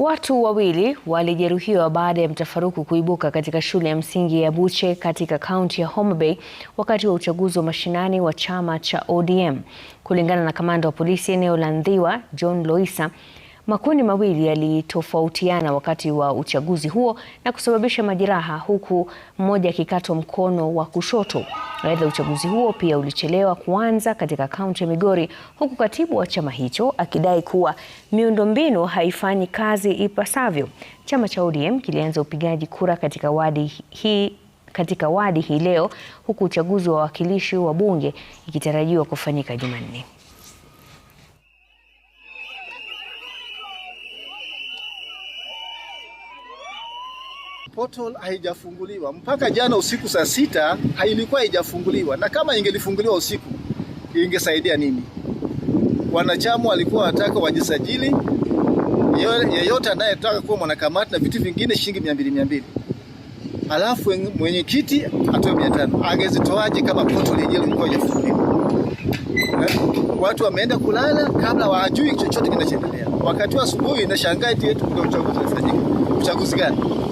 Watu wawili walijeruhiwa baada ya mtafaruku kuibuka katika shule ya msingi ya Buche katika kaunti ya Homa Bay wakati wa uchaguzi wa mashinani wa chama cha ODM. Kulingana na kamanda wa polisi eneo la Ndhiwa, John Loisa, Makundi mawili yalitofautiana wakati wa uchaguzi huo na kusababisha majeraha huku mmoja akikatwa mkono wa kushoto. Aidha, uchaguzi huo pia ulichelewa kuanza katika kaunti ya Migori huku katibu wa chama hicho akidai kuwa miundombinu haifanyi kazi ipasavyo. Chama cha ODM kilianza upigaji kura katika wadi hii katika wadi hii leo huku uchaguzi wa wawakilishi wa bunge ikitarajiwa kufanyika Jumanne. portal haijafunguliwa mpaka jana usiku saa sita, ilikuwa haijafunguliwa, na kama ingelifunguliwa usiku ingesaidia nini? Wanachama walikuwa wanataka wajisajili, yeyote anayetaka kuwa mwanakamati na vitu vingine, shilingi mia mbili mia mbili, alafu mwenyekiti atoe mia tano. Angezitoaje kama portal yenyewe ilikuwa haijafunguliwa? Eh? Watu wameenda kulala kabla wajui chochote kinachoendelea. Wakati wa asubuhi, shangaa eti uchaguzi unafanyika. Uchaguzi gani?